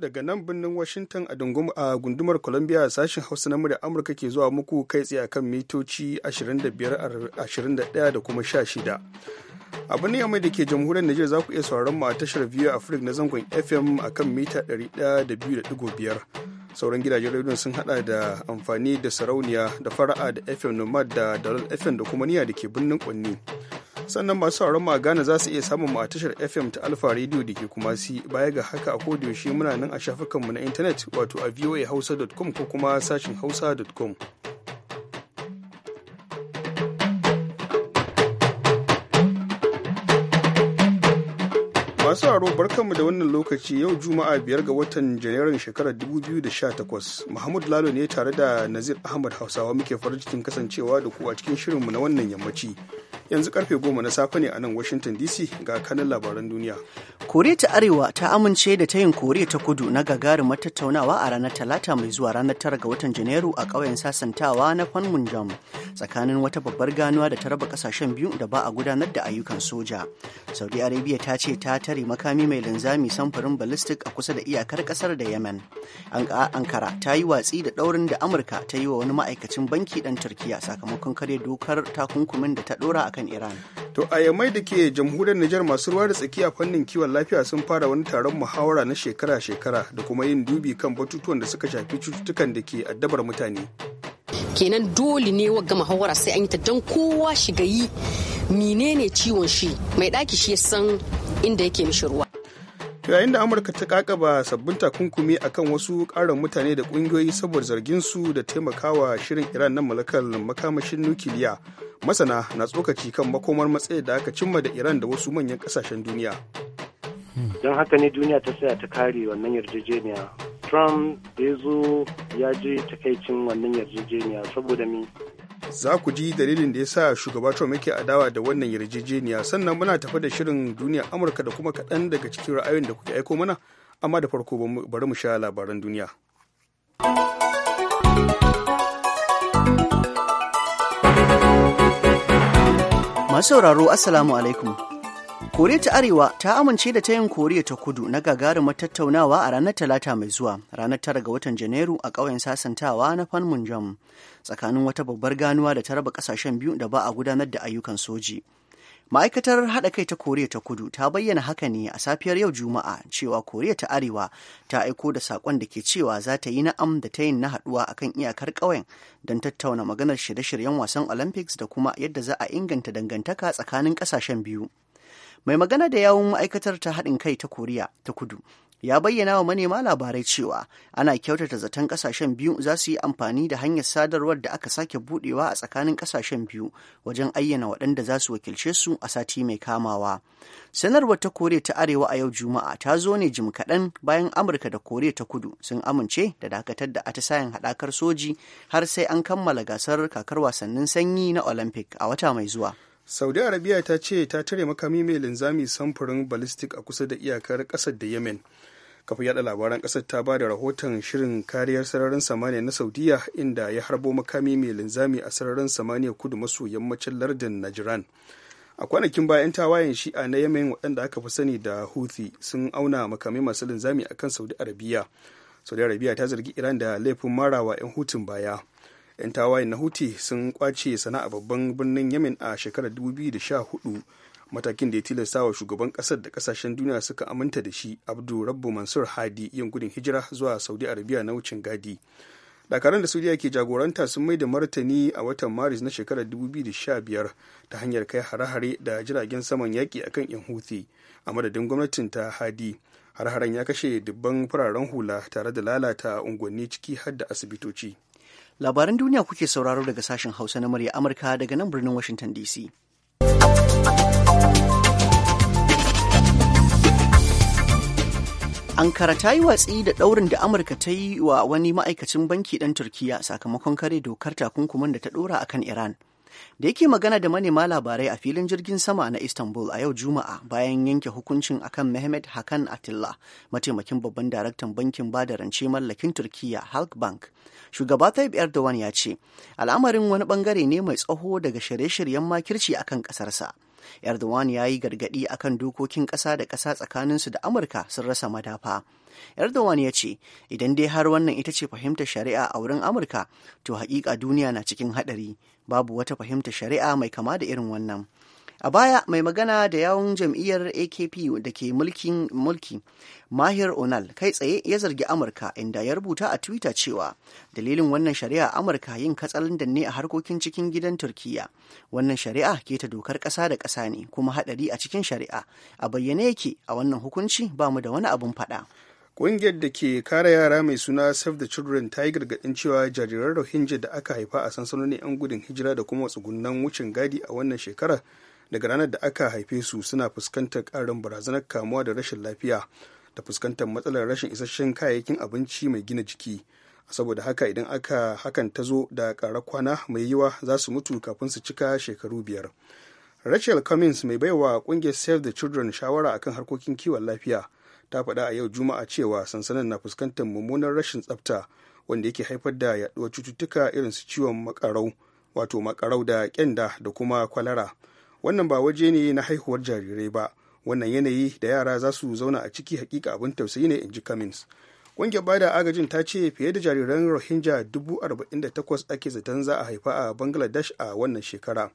daga nan birnin Washington a gundumar Columbia sashen Hausa na murya Amurka ke zuwa muku kai tsaye akan mitoci 25-21 da kuma 16. Abu ne mai da ke jamhuriyar Nijar za ku iya sauraron mu a tashar biyu Africa na zangon FM akan mita 102.5. sauran gidajen rediyon sun hada da amfani da sarauniya da fara'a da fm nomad da dalal fm da kuma niya da ke birnin kwanni sannan masu sauran ma Ghana za su iya samun a tashar fm ta alfa radio da ke kuma si baya ga haka a kodiyoshi muna nan a shafukanmu na intanet wato a voahausa.com ko kuma sashin hausa.com masu sauraro barkanmu da wannan lokaci yau juma'a biyar ga watan janairun shekarar 2018 mahmud lalo ne tare da nazir ahmad hausawa muke farin cikin kasancewa da ku a cikin shirinmu na wannan yammaci yanzu karfe goma na safe ne a nan washington dc ga kanin labaran duniya koriya ta arewa ta amince da tayin koriya ta kudu na gagarumar tattaunawa a ranar talata mai zuwa ranar tara ga watan janairu a ƙauyen sasantawa na panmunjom tsakanin wata babbar ganuwa da ta raba kasashen biyu da ba a gudanar da ayyukan soja saudi arabia ta ce ta tare makami mai linzami samfurin ballistic a kusa da iyakar kasar da yemen ankara ta yi watsi da daurin da amurka ta yi wa wani ma'aikacin banki dan turkiya sakamakon kare dokar takunkumin da ta dora a kan Iran. To a da ke jamhuriyar Nijar masu ruwa da tsakiya fannin kiwon lafiya sun fara wani taron muhawara na shekara-shekara da kuma yin dubi kan batutuwan da suka shafi cututtukan da ke addabar mutane. Kenan dole ne gama muhawara sai an yi ta don kowa shiga yi menene ciwon shi mai ɗaki shi san inda yake mishi ruwa. to yayin da amurka ta kakaba sabbin takunkumi akan wasu karin mutane da kungiyoyi saboda zargin su da taimakawa shirin iran na mallakar makamashin nukiliya masana na tsokaci kan makomar matsayi da aka cimma da iran da wasu manyan kasashen duniya don haka ne duniya ta tsaya ta kare wannan yarjejeniya trump da ya zo ya je takaicin wannan yarjejeniya saboda mi za ku ji dalilin da ya sa shugaba Trump yake adawa da wannan yarjejeniya sannan muna tafi da shirin duniya Amurka da kuma kaɗan daga cikin ra'ayoyin da kuke aiko mana amma da farko bari mu sha labaran duniya. Masu sauraro Assalamu alaikum. Koriya ta Arewa ta amince da ta yin Koriya ta Kudu na gagarumar tattaunawa a ranar Talata mai zuwa, ranar tara ga watan Janairu a ƙauyen sasantawa na Panmunjom. tsakanin wata babbar ganuwa da ta raba kasashen biyu da ba a gudanar da ayyukan soji ma'aikatar haɗa kai ta koriya ta kudu ta bayyana haka ne a safiyar yau juma'a cewa koriya ta arewa ta aiko da saƙon da ke cewa za ta yi na'am da ta yin na haɗuwa kan iyakar ƙauyen don tattauna maganar shirye-shiryen wasan olympics da kuma yadda za a inganta dangantaka tsakanin ƙasashen biyu mai magana da yawun ma'aikatar ta haɗin kai ta koriya ta kudu ya bayyana wa manema labarai cewa ana kyautata zaton kasashen biyu za su yi amfani da hanyar sadarwar da aka sake budewa a tsakanin kasashen biyu wajen ayyana waɗanda za su wakilce su a sati mai kamawa sanarwar ta kore ta arewa a yau juma'a ta zo ne jim kaɗan bayan amurka da kore ta kudu sun amince da dakatar da atisayen haɗakar soji har sai an kammala gasar kakar wasannin sanyi na olympic a wata mai zuwa saudi arabia ta ce ta tare makami mai linzami samfurin ballistic a kusa da iyakar ƙasar da yemen kafin yada labaran kasar ta ba da rahoton shirin kariyar sararin samaniya na saudiya inda ya harbo makami mai linzami a sararin samaniya kudu maso yammacin lardin najiran a kwanakin bayan tawayen shi'a na yamin waɗanda aka fi sani da houthi sun auna makamai masu linzami a kan saudi arabiya saudi arabiya ta zargi iran da laifin marawa 'yan hutun baya 'yan tawayen na houthi sun kwace sana'a babban birnin yamin a shekarar 2014 matakin da ya tilasta wa shugaban kasar da kasashen duniya suka aminta da shi abdu rabbu mansur hadi yin gudun hijira zuwa saudi arabia na wucin gadi dakaran da saudiya ke jagoranta sun mai da martani a watan maris na shekarar 2015 ta hanyar kai hare-hare da jiragen saman yaƙi kan yan huthi a madadin gwamnatin ta hadi har-haren ya kashe dubban fararen hula tare da lalata unguwanni ciki har da asibitoci labaran duniya kuke sauraro daga sashen hausa na murya amurka daga nan birnin washington dc Ankara ta yi watsi da ɗaurin da Amurka ta yi wa wani ma'aikacin banki ɗan Turkiyya sakamakon kare dokar takunkuman da ta ɗora a kan Iran. Da yake magana da manema labarai a filin jirgin sama na Istanbul a yau Juma'a bayan yanke hukuncin akan Mehmet Hakan Atilla, mataimakin babban daraktan bankin bada rance mallakin Turkiyya Halk Bank. Shugaba Tayyip Erdogan ya ce, al'amarin wani bangare ne mai tsaho daga shirye-shiryen makirci akan ƙasarsa. kasarsa. erdogan ya yi gargadi akan dokokin ƙasa da ƙasa tsakaninsu da amurka sun rasa madafa erdogan ya ce idan dai har wannan ita ce fahimtar shari'a a wurin amurka to haƙiƙa duniya na cikin haɗari babu wata fahimtar shari'a mai kama da irin wannan a baya mai magana da yawon jam'iyyar akp da ke mulkin mulki mahir onal kai tsaye ya zargi amurka inda ya rubuta a twitter cewa dalilin wannan shari'a amurka yin katsalandan ne a harkokin cikin gidan turkiyya wannan shari'a ke ta dokar ƙasa da kasa ne kuma haɗari a cikin shari'a a bayyane yake a wannan hukunci ba mu da wani abun faɗa ƙungiyar da ke kare yara mai suna save the children ta yi gargaɗin cewa jariran rohingya da aka haifa a sansanonin 'yan gudun hijira da kuma tsugunan wucin gadi a wannan shekarar. daga ranar da aka haife su suna fuskantar ƙarin barazanar kamuwa da rashin lafiya da fuskantar matsalar rashin isasshen kayayyakin abinci mai gina jiki saboda haka idan aka hakan ta zo da kara kwana mai yiwa za su mutu kafin su cika shekaru biyar rachel cummins mai baiwa ƙungiyar save the children shawara akan harkokin kiwon lafiya ta faɗa a yau juma'a cewa sansanin na fuskantar mummunar rashin tsafta wanda yake haifar da yaɗuwar cututtuka irin su ciwon makarau wato makarau da kyanda da kuma kwalara wannan ba waje ne na haihuwar jarirai ba wannan yanayi da yara za su zauna a ciki hakika abin tausayi ne in ji cummins ƙungiyar bada agajin ta ce fiye da jariran rohingya 48,000 ake zaton za a haifa a bangladesh a wannan shekara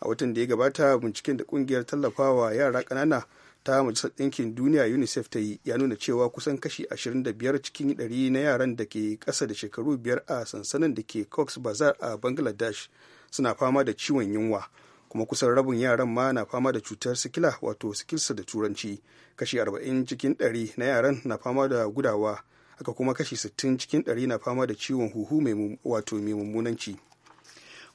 a watan da ya gabata binciken da ƙungiyar tallafawa yara ƙanana ta majalisar ɗinkin duniya unicef ta yi ya nuna cewa kusan kashi 25 cikin 100 na yaran da ke ƙasa da shekaru biyar a sansanin da ke cox bazar a bangladesh suna fama da ciwon yunwa kuma kusan rabin yaran ma na fama da cutar sikila wato sikilsa da turanci kashi 40 cikin 100 na yaran na fama da gudawa haka kuma kashi 60 cikin 100 na fama da ciwon huhu mai wato mai mummunanci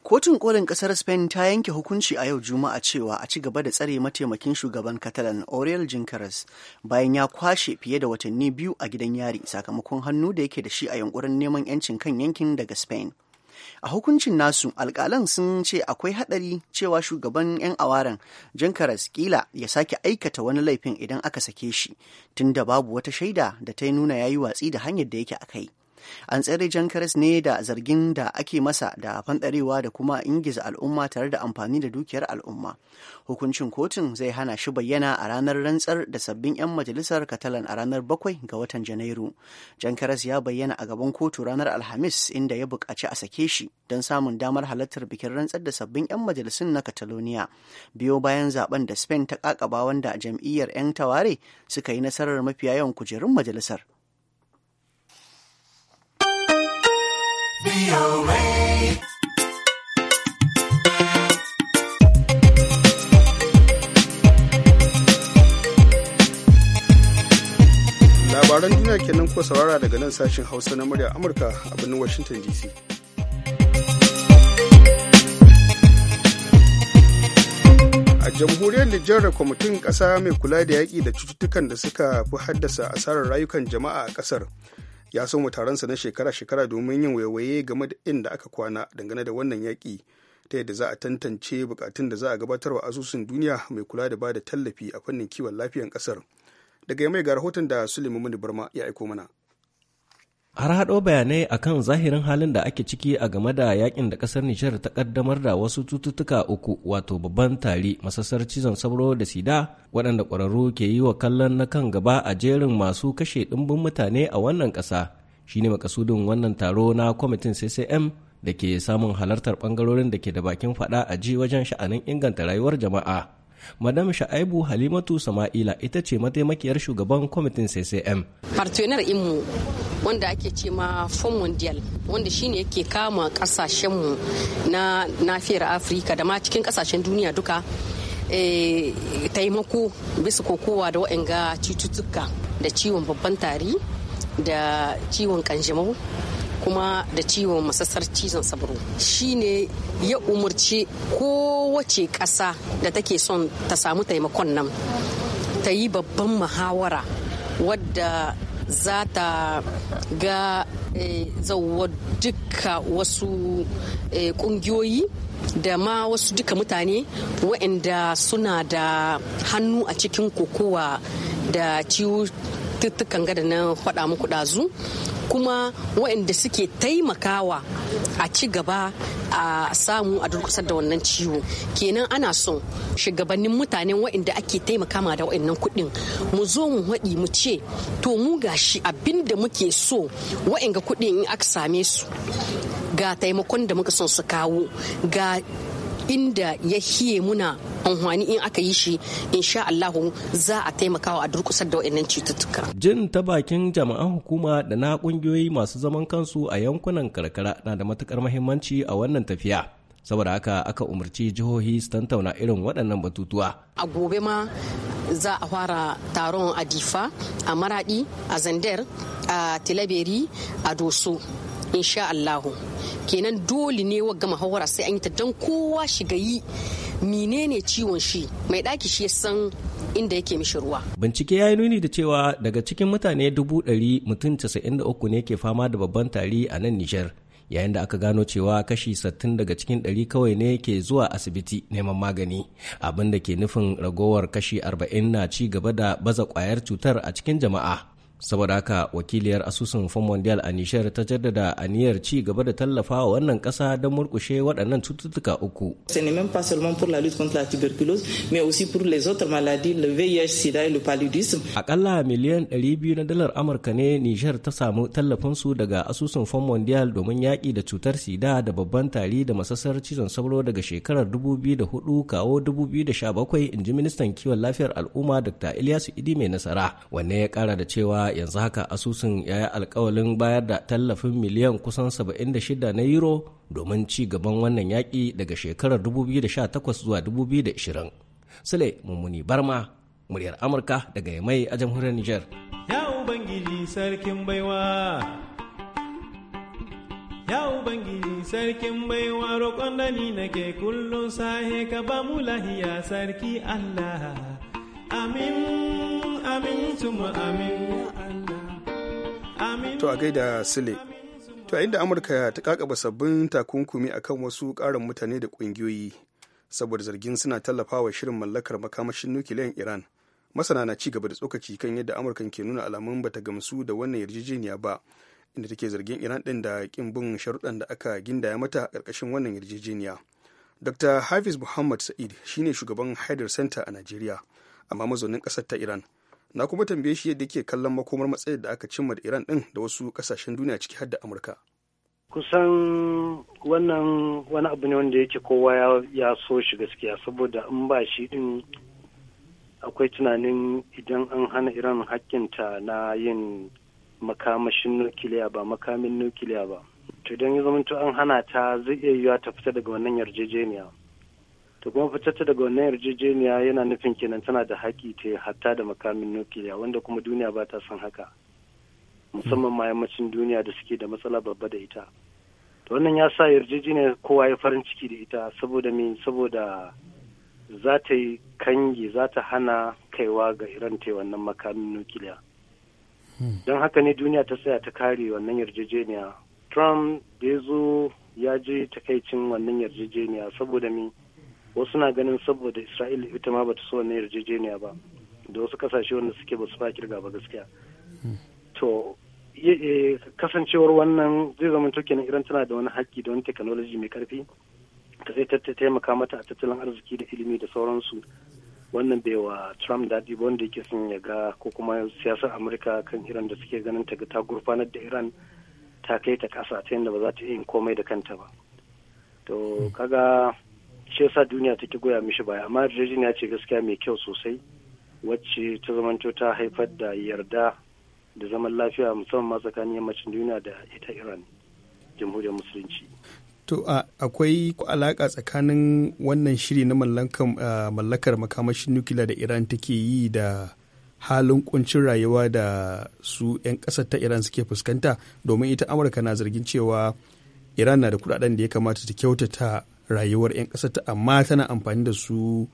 Kotun kolin kasar Spain ta yanke hukunci a yau Juma'a cewa a ci gaba da tsare mataimakin shugaban Catalan Oriol Junqueras bayan ya kwashe fiye da watanni biyu a gidan yari sakamakon hannu da yake da shi a yankurin neman 'yancin kan yankin daga Spain. a hukuncin nasu alkalan sun ce akwai hadari cewa shugaban 'yan awaren jan karas kila ya sake aikata wani laifin idan aka sake shi tunda babu wata shaida da ta nuna ya yi watsi da hanyar da yake a kai an tsere jan karas ne da zargin da ake masa da fanɗarewa da kuma ingiza al'umma tare da amfani da dukiyar al'umma hukuncin kotun zai hana shi bayyana a ranar rantsar da sabbin 'yan majalisar katalan a ranar bakwai ga watan janairu jan karas ya bayyana a gaban kotu ranar alhamis inda ya buƙaci a sake shi don samun damar halartar bikin rantsar da sabbin 'yan majalisun na kataloniya biyo bayan zaben da spain ta kakaba wanda jam'iyyar 'yan taware suka yi nasarar mafiya yawan kujerun majalisar Labaran duniya kenan ko saurara daga nan sashen Hausa na murya Amurka a birnin Washington DC. a jamhuriyar nijar kwamitin ƙasa mai kula da yaƙi da cututtukan da suka fi haddasa asarar rayukan jama'a a ƙasar ya san taronsa na shekara-shekara domin yin waiwaye game da inda aka kwana dangane da wannan yaƙi ta yadda za a tantance bukatun da za a gabatarwa asusun duniya mai kula da ba da tallafi a fannin kiwon lafiyan ƙasar daga yamai ga rahoton da suleiman barma ya aiko mana Har haɗo bayanai akan zahirin halin da ake ciki a game da yakin da ƙasar Nijar ta ƙaddamar da wasu cututtuka uku wato babban tari masassar cizon sauro da sida waɗanda ƙwararru ke yi wa kallon na kan gaba a jerin masu kashe ɗimbin mutane a wannan ƙasa shine makasudin wannan taro na kwamitin CCM da ke samun halartar ɓangarorin da ke da bakin faɗa a ji wajen sha'anin inganta rayuwar jama'a. madam sha'aibu halimatu sama'ila ita ce mataimakiyar shugaban kwamitin ccm partner inmu wanda ake ce ma fom mondial wanda shine yake kama kasashenmu na nafiyar afirka da ma cikin kasashen duniya duka eh, taimako bisa kokowa da waɗanga cututtuka da ciwon babban tari da ciwon kanjamau kuma da ciwon masassar cizon sabro shi ne ya umarci kowace ƙasa da take son ta samu taimakon nan ta yi babban muhawara wadda za ta ga eh, zauwa duka wasu eh, ƙungiyoyi da ma wasu duka mutane waɗanda suna da hannu a cikin kokowa da cututtukan gada na faɗa muku ɗazu kuma waɗanda suke taimakawa a ci gaba a samu a durkusar da wannan ciwo kenan ana son shugabannin mutanen waɗanda ake taimakawa da waɗannan kuɗin mu zo mu haɗi mu ce to mu gashi abin da muke so waɗanda kuɗin in aka same su ga taimakon da muka son su kawo ga inda ya hiye muna amfani in aka yi shi insha Allahu za a taimakawa a durkusar da waɗannan cututtuka. Jin ta bakin jami'an hukuma da na kungiyoyi masu zaman kansu a yankunan karkara na da matukar muhimmanci a wannan tafiya. saboda haka aka umarci jihohi su tantauna irin waɗannan batutuwa. A gobe ma za a fara taron a Difa, a Maradi, a Zandar, a Tilaberi, a Doso. insha Allahu kenan dole ne gama muhawara sai an yi ta don kowa shiga yi menene ciwon shi mai ɗaki shi san inda yake mishi ruwa. Bincike ya yi nuni da cewa daga cikin mutane dubu ɗari mutum casa'in ne ke fama da babban tari a nan Nijar. Yayin da aka gano cewa kashi sattin daga cikin dari kawai ne ke zuwa asibiti neman magani, abin da ke nufin ragowar kashi arba'in na ci gaba da baza kwayar cutar a cikin jama'a. saboda haka wakiliyar asusun fom mondial a nishar ta jaddada aniyar ci gaba da tallafa wa wannan kasa don murkushe waɗannan cututtuka uku ce n'est même pas seulement pour la lutte contre la tuberculose mais aussi pour les autres maladies le VIH sida et le paludisme akalla miliyan 200 na dalar amurka ne nishar ta samu tallafin su daga asusun fom mondial domin yaƙi da cutar sida da babban tari da masassar cizon sauro daga shekarar 2004 kawo 2017 in ji ministan kiwon lafiyar al'umma dr ilyasu idi mai nasara wanne ya kara da cewa yanzu haka asusun ya yi alkawalin bayar da tallafin miliyan kusan 76 na euro domin ci gaban wannan yaƙi daga shekarar 2018 zuwa 2020. Sule Mummuni Barma, muryar Amurka daga Yamai a jamhuriyar Nijar. Ya Ubangiji sarkin baiwa, ya Ubangiji sarkin baiwa roƙon da ni nake kullum sahe ka ba mu lahiya sarki Allah. To a gaida Sule. To inda Amurka ta kakaba sabbin takunkumi akan wasu ƙarin mutane da ƙungiyoyi saboda zargin suna tallafawa shirin mallakar makamashin nukiliyan Iran. Masana na ci gaba da tsokaci kan yadda Amurka ke nuna alamun bata gamsu da wannan yarjejeniya ba, inda take zargin Iran ɗin da ƙin bin sharuɗan da aka gindaya mata a ƙarƙashin wannan yarjejeniya. Dr. Hafiz Muhammad Sa'id shine shugaban Haidar Center a Najeriya. amma mazaunin ƙasar ta iran na kuma tambaye shi yadda ke kallon makomar matsayar da aka cimma da iran ɗin da wasu ƙasashen duniya ciki har da amurka kusan wannan wani abu ne wanda yake kowa ya so shi gaskiya saboda in ba shi din akwai tunanin idan an hana iran hakkinta na yin makamashin nukiliya ba makamin nukiliya ba to idan ya zama an hana ta zai iya yiwuwa ta fita daga wannan yarjejeniya to kuma ta daga wannan yarjejeniya yana nufin kenan tana da haƙƙi ta yi hatta da makamin nukiliya wanda kuma duniya ba ta son haka musamman ma yammacin duniya da suke da matsala babba da ita to wannan ya sa yarjejeniya kowa ya farin ciki da ita saboda me saboda za ta yi kangi za ta hana kaiwa ga iran ta wannan makamin nukiliya don haka ne duniya ta tsaya ta kare wannan yarjejeniya trump da ya zo ya je takaicin wannan yarjejeniya saboda me wasu na ganin saboda isra'ila ita ma bata so wannan yarjejeniya ba da wasu kasashe wanda suke ba su ba kirga ba gaskiya to kasancewar wannan zai zama to kenan iran tana da wani haƙƙi da wani technology mai karfi ta zai taimaka mata a tattalin arziki da ilimi da sauransu wannan bai wa trump daɗi ba wanda yake son ya ga ko kuma siyasar amurka kan iran da suke ganin ta ta gurfanar da iran ta kai ta ƙasa ta yadda ba za ta yi komai da kanta ba to kaga shi yasa duniya take goya mishi baya amma yarjejeniya ce gaskiya mai kyau sosai wacce ta zamanto ta haifar da yarda da zaman lafiya musamman ma tsakanin yammacin duniya da ita iran jamhuriyar musulunci to akwai alaka tsakanin wannan shiri na mallakar makamashin nukila da iran take yi da halin kuncin rayuwa da su 'yan ƙasar ta iran suke fuskanta domin ita amurka na zargin cewa iran na da kudaden da ya kamata ta kyautata rayuwar 'yan ƙasa ta amma tana amfani da su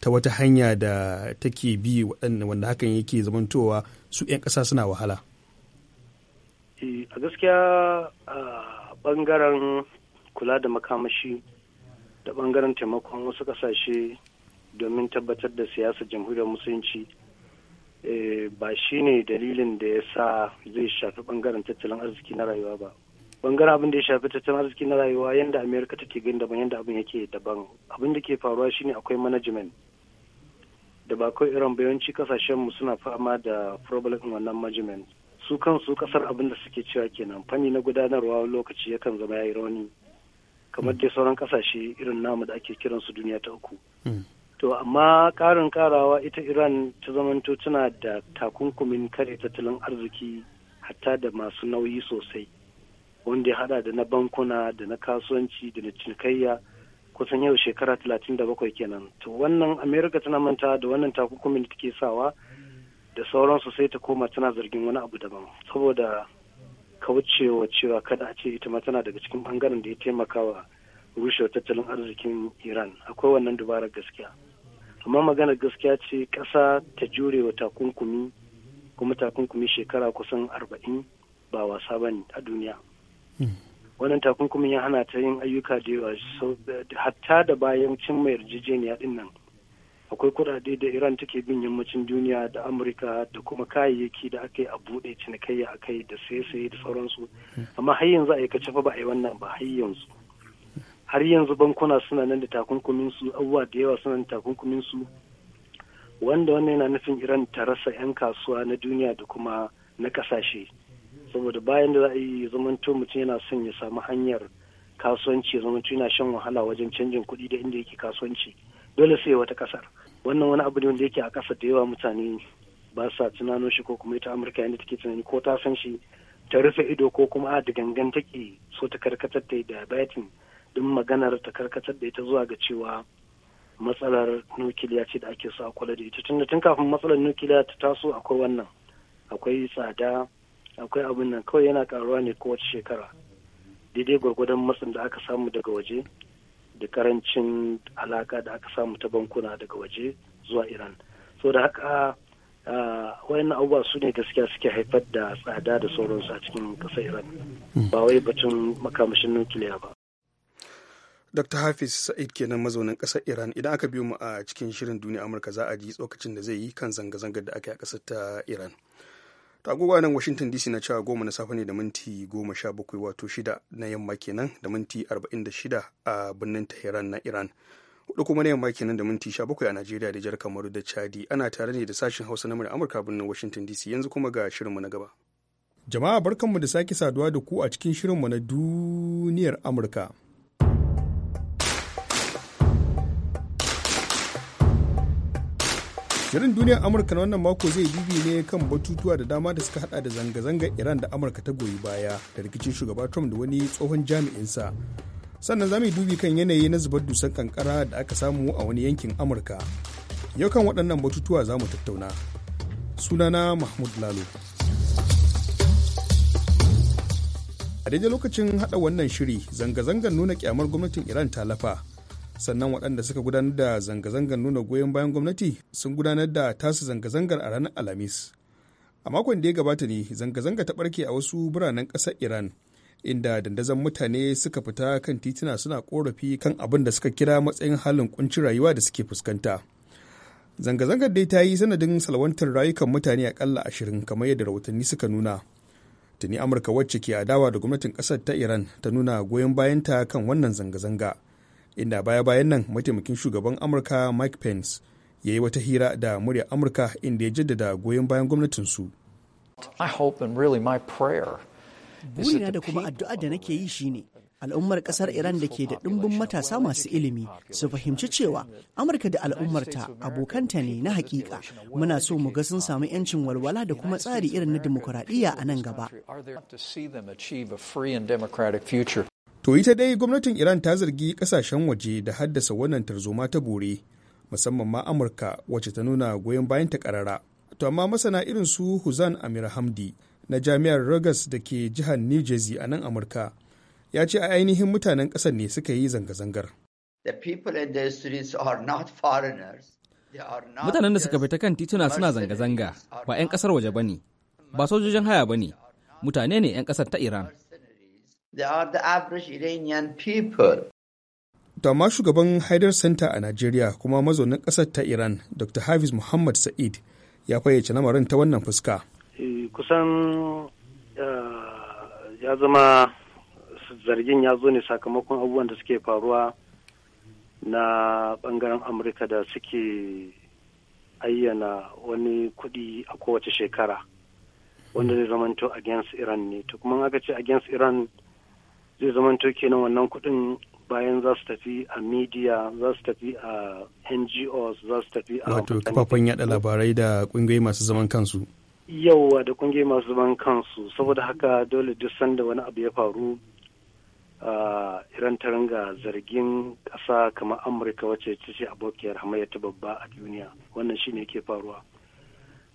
ta wata hanya da take bi wanda hakan yake zamantowa su 'yan ƙasa suna wahala eh, a gaskiya a ɓangaren kula da makamashi da ɓangaren taimakon wasu ƙasashe domin tabbatar da siyasa jamhuriyar musulunci eh, ba shi ne dalilin da ya sa zai shafi ɓangaren tattalin arziki na rayuwa ba bangaren abin da ya shafi tattalin arziki na rayuwa yadda amerika take gani daban yadda abin yake daban abin da ke faruwa shine akwai management da ba kawai irin bayanci kasashen mu suna fama da problem wannan management su kansu kasar abin da suke cewa kenan fanni na gudanarwa lokaci yakan zama ya yi rauni kamar dai sauran kasashe irin namu da ake kiran su duniya ta uku hmm. to amma karin karawa ita iran ta zamanto tana da takunkumin kare tattalin arziki hatta da masu nauyi sosai wanda ya hada da na bankuna da na kasuwanci da na cinikayya kusan yau shekara talatin da bakwai kenan to wannan america tana manta da wannan takunkumin da take sawa da sauransu sai ta koma tana zargin wani abu daban saboda kaucewa cewa kada a ce ita ma tana daga cikin bangaren da ya taimaka wa rushe tattalin arzikin iran akwai wannan dubarar gaskiya amma magana gaskiya ce ƙasa ta jure wa takunkumi kuma takunkumi shekara kusan arba'in ba wasa ba ne a duniya wannan takunkumin ya hana ta yin ayyuka da yawa hatta da bayan cimma yarjejeniya din nan akwai kudade da iran take bin yammacin duniya da amurka da kuma kayayyaki da aka yi a buɗe cinikayya a kai da saye-saye da sauransu amma har yanzu a aikace fa ba a yi wannan ba har yanzu har yanzu bankuna suna nan da takunkumin su abubuwa da yawa suna da takunkumin su wanda wannan yana nufin iran ta rasa 'yan kasuwa na duniya da kuma na kasashe saboda bayan da za a yi zamanto mutum yana son ya samu hanyar kasuwanci ya zamanto yana shan wahala wajen canjin kuɗi da inda yake kasuwanci dole sai wata kasar wannan wani abu ne wanda yake a ƙasa da yawa mutane ba sa tunanin shi ko kuma ita amurka yadda take tunani ko ta san shi ta rufe ido ko kuma a da gangan take so ta karkatar ta da din maganar ta karkatar da ita zuwa ga cewa matsalar nukiliya ce da ake so a kula da ita tunda tun kafin matsalar nukiliya ta taso akwai wannan akwai tsada akwai abin nan kawai yana karuwa ne kowace shekara daidai gwargwadon matsin da aka samu daga waje da karancin alaka da aka samu ta bankuna daga waje zuwa iran so da haka wayannan abubuwa su ne gaskiya suke haifar da tsada da sauransu a cikin ƙasar iran hmm. ba wai batun makamashin nukiliya ba Dr. Hafiz Sa'id kenan mazaunin ƙasar Iran idan aka biyo mu a cikin shirin duniya Amurka za a ji tsokacin da zai yi kan zanga-zangar da aka yi a ƙasar ta Iran. ta agogo nan washington dc na cewa goma na safe ne da minti goma sha bakwai wato shida na yamma kenan da minti arba'in da shida a birnin tehran na iran hudu kuma na yamma kenan da minti sha bakwai a najeriya da jihar kamaru da chadi ana tare ne da sashen hausa na murya amurka birnin washington dc yanzu kuma ga shirinmu na gaba jama'a barkanmu da sake saduwa da ku a cikin shirinmu na duniyar amurka Shirin duniyar Amurka na wannan mako zai bibi ne kan batutuwa da dama da suka hada da zanga-zangar Iran da Amurka ta goyi baya da rikicin shugaba Trump da wani tsohon jami'insa. Sannan za mu dubi kan yanayi na zubar dusar kankara da aka samu a wani yankin Amurka. Yau kan waɗannan batutuwa za mu tattauna. Sunana Mahmud Lalo. A daidai lokacin hada wannan shiri zanga-zangar nuna kyamar gwamnatin Iran ta lafa. sannan waɗanda suka gudanar da zanga-zangar nuna goyon bayan gwamnati sun gudanar da tasu zanga-zangar a ranar alhamis a makon da ya gabata ne zanga-zanga ta barke a wasu biranen ƙasar iran inda dandazon mutane suka fita kan tituna suna korafi kan abin da suka kira matsayin halin kuncin rayuwa da suke fuskanta zanga-zangar dai ta yi sanadin salwantar rayukan mutane akalla ashirin kamar yadda rahotanni suka nuna tuni amurka wacce ke adawa da gwamnatin kasar ta iran ta nuna goyon bayanta kan wannan zanga-zanga inda baya-bayan nan mataimakin shugaban amurka mike pence ya yi wata hira da murya amurka inda ya jaddada goyon bayan gwamnatinsu burina da kuma addu'a da nake yi shine al'ummar kasar iran da ke da ɗimbin matasa masu ilimi su fahimci cewa amurka da al'ummarta abokanta ne na hakika muna so mu ga sun samu 'yancin walwala da kuma tsari irin na dimokuraɗiyya a nan gaba To ita dai gwamnatin Iran ta zargi kasashen waje da haddasa wannan tarzoma ta bore, musamman ma Amurka wacce ta nuna goyon bayan ta karara. To amma masana irin su Huzan Amir Hamdi na jami'ar Rogers da ke jihar New Jersey a nan Amurka ya ce a ainihin mutanen ƙasar ne suka yi zanga-zangar. Mutanen da suka fita kan tituna suna zanga-zanga ba 'yan ƙasar waje ba ne, ba sojojin haya ba ne, mutane ne 'yan ƙasar ta Iran. They are the average Iranian people. da ma shugaban Haidar Center a Najeriya kuma mazaunin ƙasar ta Iran Dr. Hafiz Muhammad Sa'id ya fayyace lamarin ta wannan fuska. Eh, kusan eh, ya zama zargin ya zo ne sakamakon abubuwan da suke faruwa na bangaren Amurka da suke ayyana wani kuɗi a kowace shekara wanda zai zamanto against Iran ne. To kuma aka ce against Iran. zai zamanto kenan wannan kudin bayan za su tafi a media za su tafi a ngos za su tafi a wato kafafen yada labarai da kungiyoyi masu zaman kansu yauwa da kungiyoyi masu zaman kansu saboda haka dole duk sanda wani abu ya faru iran ta zargin kasa kamar amurka wacce ta ce abokiyar hamayya ta babba a duniya wannan shine ke faruwa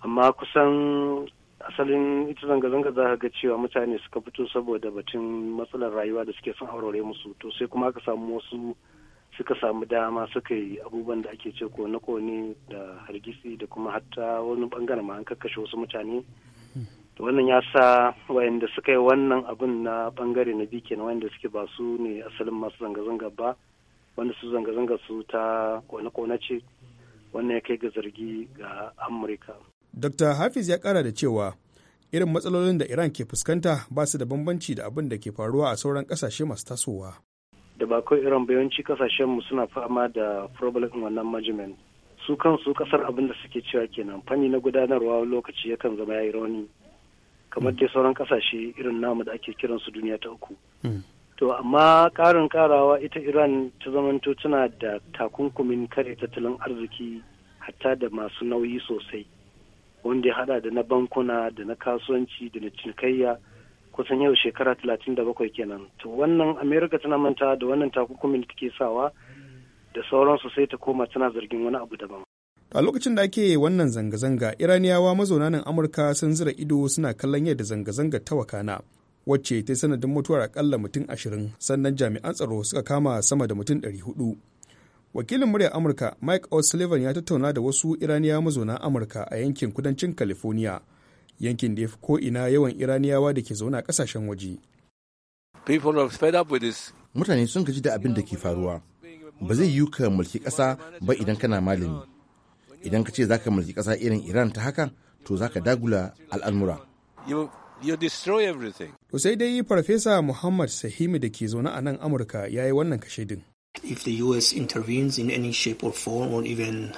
amma kusan asalin ita zanga-zanga za ka ga cewa mutane suka fito saboda batun matsalar rayuwa da suke son aurare musu to sai kuma aka samu wasu suka samu dama suka yi abubuwan da ake ce ko na kone da hargitsi da kuma hatta wani bangaren ma an kakkashe wasu mutane wannan ya sa wayanda suka yi wannan abin na bangare na bikin wayanda suke ba su ne asalin masu zanga-zanga ba wanda su zanga-zanga su ta kone-kone ce wannan ya kai ga zargi ga amurka dr hafiz ya kara da cewa irin matsalolin da iran ke fuskanta ba su da bambanci da abin da ke faruwa a sauran kasashe masu tasowa da ba kawai iran bayanci kasashen mu suna fama da problem wannan management su kansu kasar abin da suke cewa kenan fanni na gudanarwa lokaci yakan zama yayi rauni kamar dai sauran kasashe irin namu da ake kiran su duniya ta uku hmm. to amma karin karawa ita iran ta zamanto tana da takunkumin kare tattalin arziki hatta da masu nauyi sosai wanda ya hada da na bankuna da na kasuwanci da na cinikayya kusan yau shekara talatin da bakwai kenan to wannan america tana manta da wannan takunkumin da take sawa da sauransu sai ta koma tana zargin wani abu daban a lokacin da ake wannan zanga-zanga iraniyawa mazauna nan amurka sun zira ido suna kallon yadda zanga-zanga ta wakana wacce ta sanadin mutuwar akalla mutum ashirin sannan jami'an tsaro suka kama sama da mutum ɗari hudu wakilin muryar amurka mike o'sullivan ya tattauna da wasu iraniya mazauna amurka a yankin kudancin california yankin da ya fi ko'ina yawan iraniyawa da ke zauna kasashen waje mutane sun gaji da abin da ke faruwa ba zai yiwu ka mulki ƙasa ba idan kana malami idan ka ce za ka mulki ƙasa irin iran ta haka to za ka dagula al'amura to sai dai farfesa muhammad sahimi da ke zaune a nan amurka ya yi wannan kashedin If the US intervenes in any shape or form or uh, Idan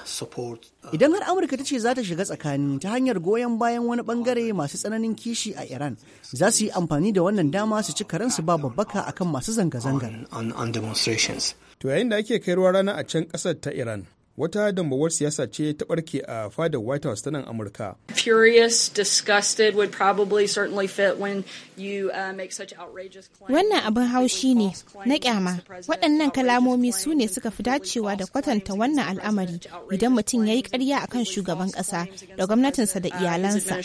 har Amurka ta ce za ta shiga tsakani ta hanyar goyon bayan wani bangare masu tsananin kishi a Iran, za su yi amfani da wannan dama su ci karensu ba babbaka akan masu zanga-zangar. To yayin da ake kai ruwa rana a can ƙasar ta Iran, wata dambawar siyasa ce ta barke a fadar White House ta nan Amurka. Furious, disgusted would probably certainly fit when you uh, make such outrageous claims. Wannan abin haushi ne na kyama. Waɗannan kalamomi su ne suka fi dacewa da kwatanta wannan al'amari idan mutum ya yi ƙarya akan shugaban ƙasa da gwamnatinsa da uh, iyalansa.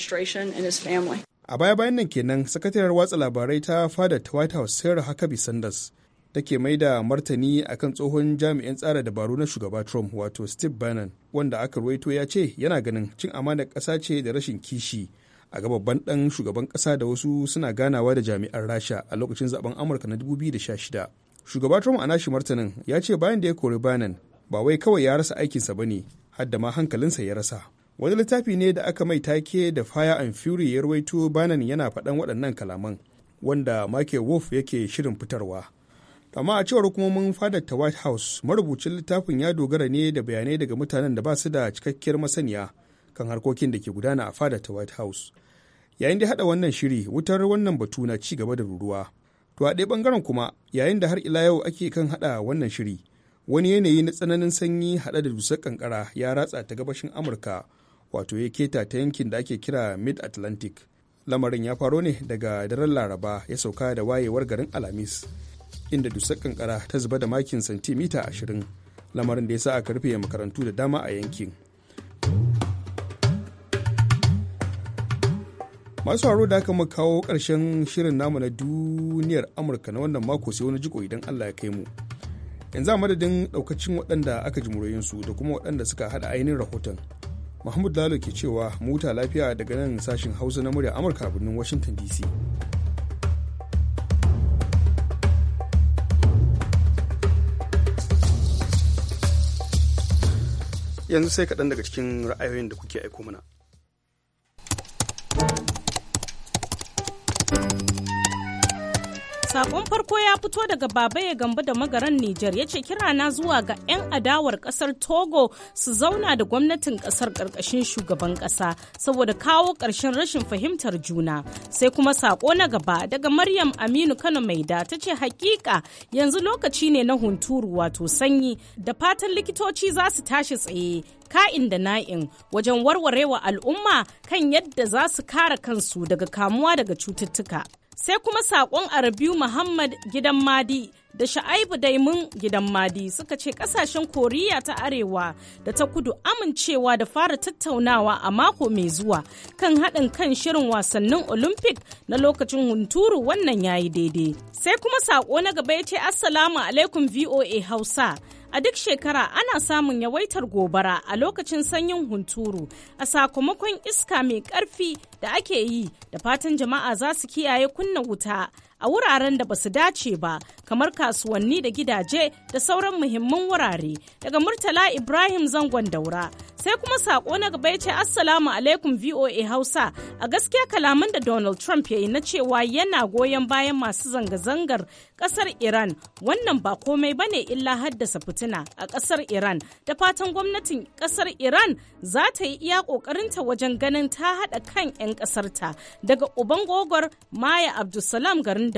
A baya-bayan nan kenan, sakataren watsa labarai ta fadar White House Sarah Huckabee Sanders take mai da martani a kan tsohon jami'in tsara dabaru na shugaba trump wato steve bannon wanda aka ruwaito ya ce yana ganin cin amanar ƙasa ce da rashin kishi a ga babban ɗan shugaban ƙasa da wasu suna ganawa da jami'an rasha a lokacin zaben amurka na 2016 shugaba trump a nashi martanin ya ce bayan da ya kori bannon ba wai kawai ya rasa aikinsa ba ne hadda ma hankalinsa ya rasa wani littafi ne da aka mai take da fire and fury ya ruwaito bannon yana faɗan waɗannan kalaman wanda michael wolf yake shirin fitarwa amma a cewar hukumomin fada ta white house marubucin littafin ya dogara ne da bayanai daga mutanen da ba su da cikakkiyar masaniya kan harkokin da ke gudana a fadar ta white house yayin da hada wannan shiri wutar wannan batu na ci gaba da ruruwa to a ɗaya bangaren kuma yayin da har ila yau ake kan hada wannan shiri wani yanayi na tsananin sanyi hada da dusar kankara ya ratsa ta gabashin amurka wato ya keta ta yankin da ake kira mid atlantic lamarin ya faro ne daga daren laraba ya sauka da wayewar garin alhamis inda dusar kankara ta zuba da makin santimita 20 lamarin da ya sa aka rufe makarantu da dama a yankin masu haro da aka kawo karshen shirin namu na duniyar amurka na wannan mako sai wani jiko idan allah ya kai mu yanzu a madadin daukacin waɗanda aka ji su da kuma waɗanda suka haɗa ainihin rahoton mahmud lalo ke cewa muta lafiya daga nan sashen hausa na murya amurka birnin washington dc yanzu sai kaɗan daga cikin ra'ayoyin da kuke aiko mana. Sakon farko ya fito daga Baba ya gamba da magaran Nijar ya ce kira na zuwa ga 'yan adawar kasar Togo su zauna da gwamnatin kasar karkashin shugaban kasa saboda kawo ƙarshen rashin fahimtar juna. Sai kuma sako na gaba daga Maryam Aminu Kano Maida ta ce hakika yanzu lokaci ne na hunturu wato sanyi da fatan likitoci za su tashi tsaye ka'in da na'in wajen warwarewa al'umma kan yadda za su kare kansu daga kamuwa daga cututtuka. sai kuma saƙon Arabiu Muhammad gidan Madi da Sha'aibu Daimun gidan Madi suka ce ƙasashen Koriya ta Arewa da ta kudu amincewa da fara tattaunawa a mako mai zuwa kan haɗin kan shirin wasannin Olympic na lokacin hunturu wannan yayi daidai. Sai kuma saƙo na gaba ya ce Assalamu alaikum VOA Hausa. A duk shekara ana samun yawaitar gobara a lokacin sanyin hunturu a sakamakon iska mai ƙarfi da ake yi da fatan jama'a za su kiyaye kunna wuta a wuraren da basu dace ba kamar kasuwanni da gidaje da sauran muhimman wurare daga murtala ibrahim zangon daura sai kuma sako na gaba ya ce assalamu alaikum voa hausa a gaskiya kalaman da donald trump ya yi na cewa yana goyon bayan masu zanga-zangar kasar iran wannan ba komai ba ne illa haddasa fitina a kasar iran da fatan gwamnatin kasar iran za ta yi iya kokarinta wajen ganin ta haɗa kan 'yan kasarta daga uban gogor maya abdulsalam garin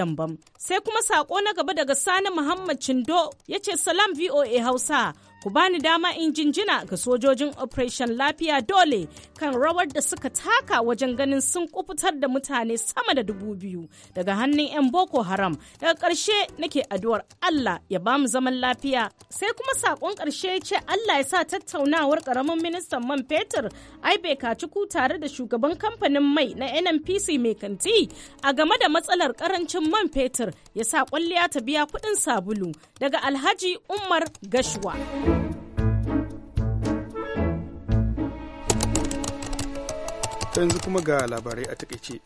Sai kuma saƙo na gaba daga Sani Muhammad cindo ya ce salam VOA Hausa ku bani dama in jinjina ga sojojin operation lafiya dole kan rawar da suka taka wajen ganin sun kufutar da mutane sama da dubu biyu daga hannun 'yan boko haram daga karshe nake addu'ar allah ya ba mu zaman lafiya sai kuma saƙon ƙarshe ce allah ya sa tattaunawar ƙaramin ministan man fetur ai bai kaci ku tare da shugaban kamfanin mai na nnpc mai kanti a game da matsalar ƙarancin man fetur ya sa kwalliya ta biya kuɗin sabulu daga alhaji umar gashuwa. yanzu kuma ga labarai a takaice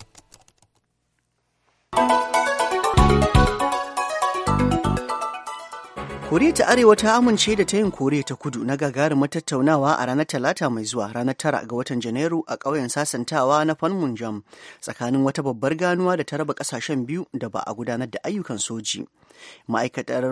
koriya ta arewa ta amince da ta yin koriya ta kudu na gagarin matattaunawa a ranar talata mai zuwa ranar tara ga watan janairu a ƙauyen sasantawa na panmunjom tsakanin wata babbar ganuwa da ta raba ƙasashen biyu da ba a gudanar da ayyukan soji ma'aikatar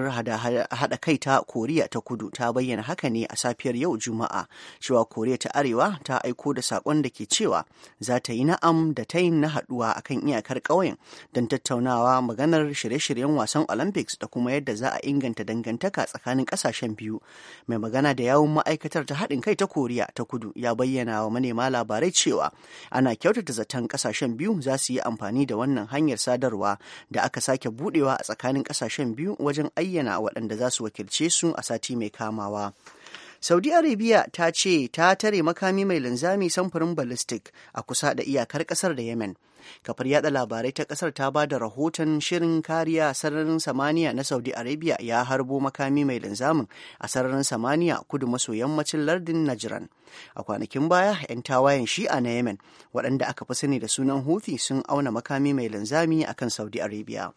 haɗa kai ta koriya ta kudu ta bayyana haka ne a safiyar yau juma'a cewa koriya ta arewa ta aiko da saƙon da ke cewa za ta yi na'am da ta yi na haɗuwa a kan iyakar ƙauyen don tattaunawa maganar shirye-shiryen wasan olympics da kuma yadda za a inganta dangantaka tsakanin ƙasashen biyu mai magana da yawun ma'aikatar ta haɗin kai ta koriya ta kudu ya bayyana wa manema labarai cewa ana kyautata zaton ƙasashen biyu za su yi amfani da wannan hanyar sadarwa da aka sake buɗewa a tsakanin ƙasashen kasashen biyu wajen ayyana waɗanda za su wakilce su a sati mai kamawa. Saudi Arabia ta ce ta tare makami mai linzami samfurin ballistic a kusa da iyakar kasar da Yemen. Kafar yada labarai ta kasar ta ba da rahoton shirin kariya sararin samaniya na Saudi Arabia ya harbo makami mai linzamin a sararin samaniya kudu maso yammacin lardin Najran. A kwanakin baya, 'yan tawayen shi'a na Yemen, waɗanda aka fi sani da sunan hufi sun auna makami mai linzami akan Saudi Arabia.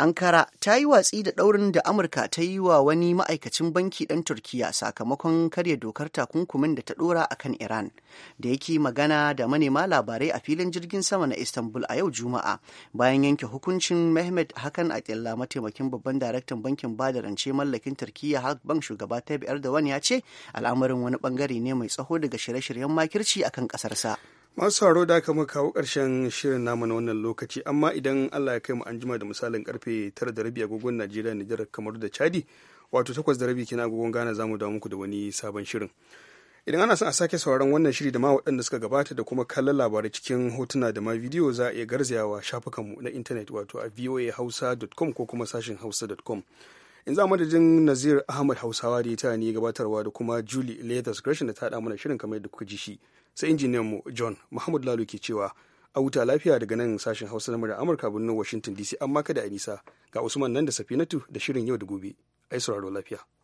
Ankara ta yi watsi da ɗaurin da Amurka ta yi wa wani ma'aikacin banki ɗan Turkiyya sakamakon karya dokar takunkumin da ta ɗora a kan Iran, da yake magana da manema labarai a filin jirgin sama na Istanbul a yau Juma'a bayan yanke hukuncin Mehmet Hakan Atilla mataimakin babban daraktan bankin ba da rance mallakin Turkiya Halkbank shugaba ta da wani ya ce al'amarin wani bangare ne mai tsaho daga shirye-shiryen makirci akan ƙasarsa. masu haro da aka kawo ƙarshen shirin namu na wannan lokaci amma idan allah ya kai mu anjima da misalin karfe tara da rabi agogon najeriya nijar kamar da chadi wato takwas da rabi kina agogon ghana zamu damu dawo da wani sabon shirin idan ana son a sake sauraron wannan shiri da ma waɗanda suka gabata da kuma kallon labarai cikin hotuna da ma bidiyo za a iya garzayawa shafukanmu na intanet wato a voahausa.com ko kuma sashen hausa.com in za madadin nazir ahmad hausawa da ya ta ne gabatarwa da kuma julie leathers gresham da ta haɗa mana shirin kamar da kuka ji shi sai mu john muhammad lalu ke cewa a wuta lafiya daga nan sashen hausa na murar amurka birnin washington dc amma kada a nisa ga usman nan da safinatu da shirin yau da gobe ai sauraro lafiya